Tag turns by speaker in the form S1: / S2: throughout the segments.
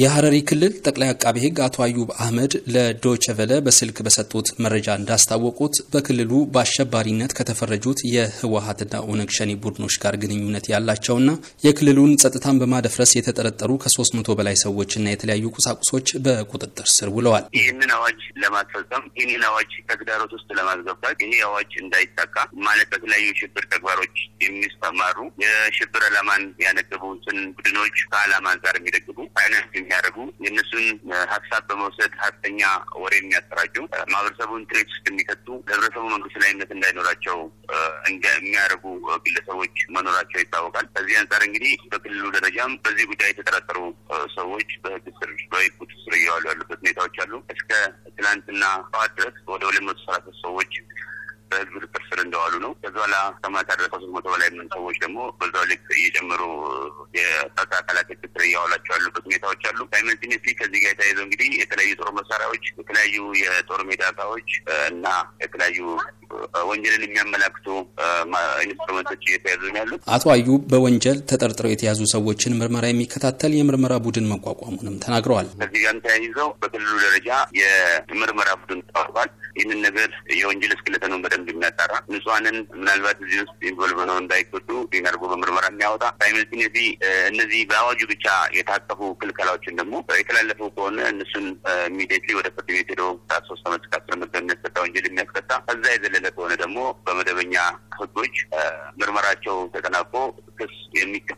S1: የሐረሪ ክልል ጠቅላይ አቃቤ ሕግ አቶ አዩብ አህመድ ለዶቸቨለ በስልክ በሰጡት መረጃ እንዳስታወቁት በክልሉ በአሸባሪነት ከተፈረጁት የህወሀትና ኦነግ ሸኔ ቡድኖች ጋር ግንኙነት ያላቸውና የክልሉን ጸጥታን በማደፍረስ የተጠረጠሩ ከ300 በላይ ሰዎችና የተለያዩ ቁሳቁሶች በቁጥጥር ስር ውለዋል።
S2: ይህንን አዋጅ ለማስፈጸም ይህንን አዋጅ ተግዳሮት ውስጥ ለማስገባት ይሄ አዋጅ እንዳይሳካ ማለት በተለያዩ ሽብር ተግባሮች የሚሰማሩ የሽብር አላማን ያነገቡትን ቡድኖች ከዓላማ ጋር የሚደግፉ የሚያደርጉ የእነሱን ሀሳብ በመውሰድ ሀሰተኛ ወሬ የሚያሰራጩ ማህበረሰቡን ትሬት ውስጥ የሚከቱ ህብረተሰቡ መንግስት ላይ እምነት እንዳይኖራቸው የሚያደርጉ ግለሰቦች መኖራቸው ይታወቃል። ከዚህ አንጻር እንግዲህ በክልሉ ደረጃም በዚህ ጉዳይ የተጠረጠሩ ሰዎች በህግ ስር በቁጥጥር ስር እየዋሉ ያሉበት ሁኔታዎች አሉ። እስከ ትናንትና ጠዋት ድረስ ወደ ሁለት መቶ ሰላሳ ሰዎች በህዝብ ቁጥጥር ስር እንደዋሉ ነው። ከዚ በኋላ ከማታ ድረስ ከሶስት መቶ በላይ የምን ሰዎች ደግሞ በዛው ልክ እየጨመሩ የጸጥታ አካላት ክትትል እያዋላቸው ያሉበት ሁኔታዎች አሉ። ሳይመንቲኒስ ከዚህ ጋር የተያይዘው እንግዲህ የተለያዩ ጦር መሳሪያዎች፣ የተለያዩ የጦር ሜዳ እቃዎች እና የተለያዩ ወንጀልን የሚያመላክቱ ኢንስትሩመንቶች እየተያዙ ያሉ
S1: አቶ አዩ በወንጀል ተጠርጥረው የተያዙ ሰዎችን ምርመራ የሚከታተል የምርመራ ቡድን መቋቋሙንም ተናግረዋል።
S2: ከዚህ ጋር ተያይዘው በክልሉ ደረጃ የምርመራ ቡድን ተቋቁሟል። ይህንን ነገር የወንጀል እስክለተኑን በደንብ የሚያጣራ ንጹሐንን ምናልባት እዚህ ውስጥ ኢንቮልቭ ነው እንዳይጎዱ ይህን በምርመራ የሚያወጣ ሳይመልሲኔዚ እነዚህ በአዋጁ ብቻ የታቀፉ ክልከላዎችን ደግሞ የተላለፈው ከሆነ እነሱን ኢሚዲየትሊ ወደ ፍርድ ቤት ሄደ ቅጣት ሶስት አመት እስከ አስር ዓመት በሚያስቀጣ ወንጀል የሚያስቀጣ ከዛ የዘለለ ከሆነ ደግሞ በመደበኛ ህጎች ምርመራቸው ተጠናቆ ክስ የሚከ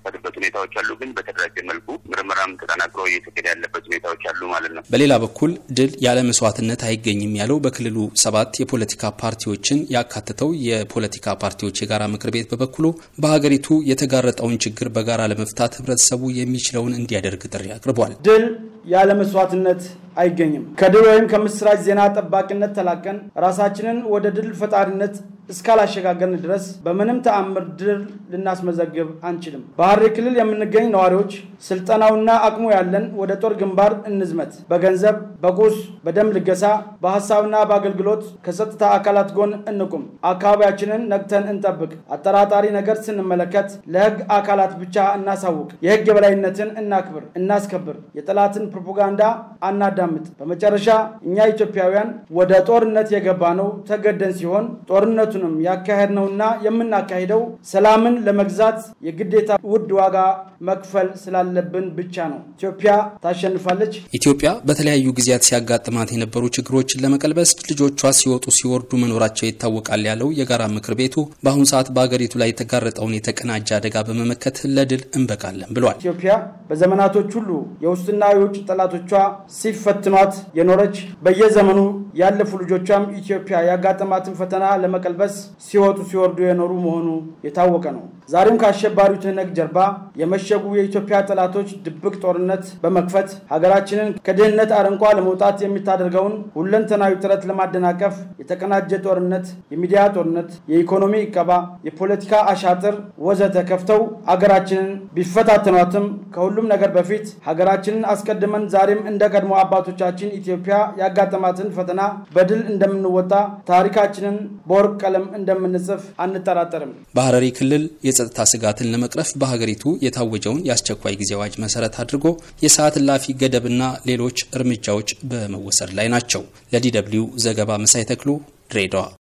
S2: ሁኔታዎች አሉ። ግን በተደራጀ መልኩ ምርመራም ተጠናክሮ እየተገደ ያለበት ሁኔታዎች
S1: አሉ ማለት ነው። በሌላ በኩል ድል ያለ መስዋዕትነት አይገኝም ያለው በክልሉ ሰባት የፖለቲካ ፓርቲዎችን ያካትተው የፖለቲካ ፓርቲዎች የጋራ ምክር ቤት በበኩሉ በሀገሪቱ የተጋረጠውን ችግር በጋራ ለመፍታት ህብረተሰቡ የሚችለውን እንዲያደርግ ጥሪ አቅርቧል። ድል
S3: ያለ መስዋዕትነት አይገኝም። ከድል ወይም ከምስራች ዜና ጠባቂነት ተላቀን ራሳችንን ወደ ድል ፈጣሪነት እስካላሸጋገርን ድረስ በምንም ተአምር ድል ልናስመዘግብ አንችልም። በሐረሪ ክልል የምንገኝ ነዋሪዎች ስልጠናውና አቅሙ ያለን ወደ ጦር ግንባር እንዝመት። በገንዘብ፣ በቁስ፣ በደም ልገሳ፣ በሀሳብና በአገልግሎት ከጸጥታ አካላት ጎን እንቁም። አካባቢያችንን ነቅተን እንጠብቅ። አጠራጣሪ ነገር ስንመለከት ለሕግ አካላት ብቻ እናሳውቅ። የሕግ የበላይነትን እናክብር፣ እናስከብር። የጠላትን ፕሮፓጋንዳ አናዳምጥ። በመጨረሻ እኛ ኢትዮጵያውያን ወደ ጦርነት የገባ ነው ተገደን ሲሆን ጦርነቱ ያካሄድ ነውና የምናካሄደው ሰላምን ለመግዛት የግዴታ ውድ ዋጋ መክፈል ስላለብን ብቻ ነው። ኢትዮጵያ ታሸንፋለች።
S1: ኢትዮጵያ በተለያዩ ጊዜያት ሲያጋጥማት የነበሩ ችግሮችን ለመቀልበስ ልጆቿ ሲወጡ ሲወርዱ መኖራቸው ይታወቃል ያለው የጋራ ምክር ቤቱ በአሁኑ ሰዓት በሀገሪቱ ላይ የተጋረጠውን የተቀናጀ አደጋ በመመከት ለድል እንበቃለን ብሏል።
S3: ኢትዮጵያ በዘመናቶች ሁሉ የውስጥና የውጭ ጠላቶቿ ሲፈትኗት የኖረች በየዘመኑ ያለፉ ልጆቿም ኢትዮጵያ ያጋጠማትን ፈተና ለመቀልበስ ለመቀልበስ ሲወጡ ሲወርዱ የኖሩ መሆኑ የታወቀ ነው። ዛሬም ከአሸባሪው ትህነግ ጀርባ የመሸጉ የኢትዮጵያ ጠላቶች ድብቅ ጦርነት በመክፈት ሀገራችንን ከድህነት አረንቋ ለመውጣት የሚታደርገውን ሁለንተናዊ ጥረት ለማደናቀፍ የተቀናጀ ጦርነት፣ የሚዲያ ጦርነት፣ የኢኮኖሚ እቀባ፣ የፖለቲካ አሻጥር ወዘተ ከፍተው ሀገራችንን ቢፈታተኗትም ከሁሉም ነገር በፊት ሀገራችንን አስቀድመን ዛሬም እንደ ቀድሞ አባቶቻችን ኢትዮጵያ ያጋጠማትን ፈተና በድል እንደምንወጣ ታሪካችንን በወርቅ ቀለም እንደምንጽፍ አንጠራጠርም።
S1: በሐረሪ ክልል የጸጥታ ስጋትን ለመቅረፍ በሀገሪቱ የታወጀውን የአስቸኳይ ጊዜ አዋጅ መሰረት አድርጎ የሰዓት እላፊ ገደብና ሌሎች እርምጃዎች በመወሰድ ላይ ናቸው። ለዲ ደብልዩ ዘገባ መሳይ ተክሉ ድሬዳዋ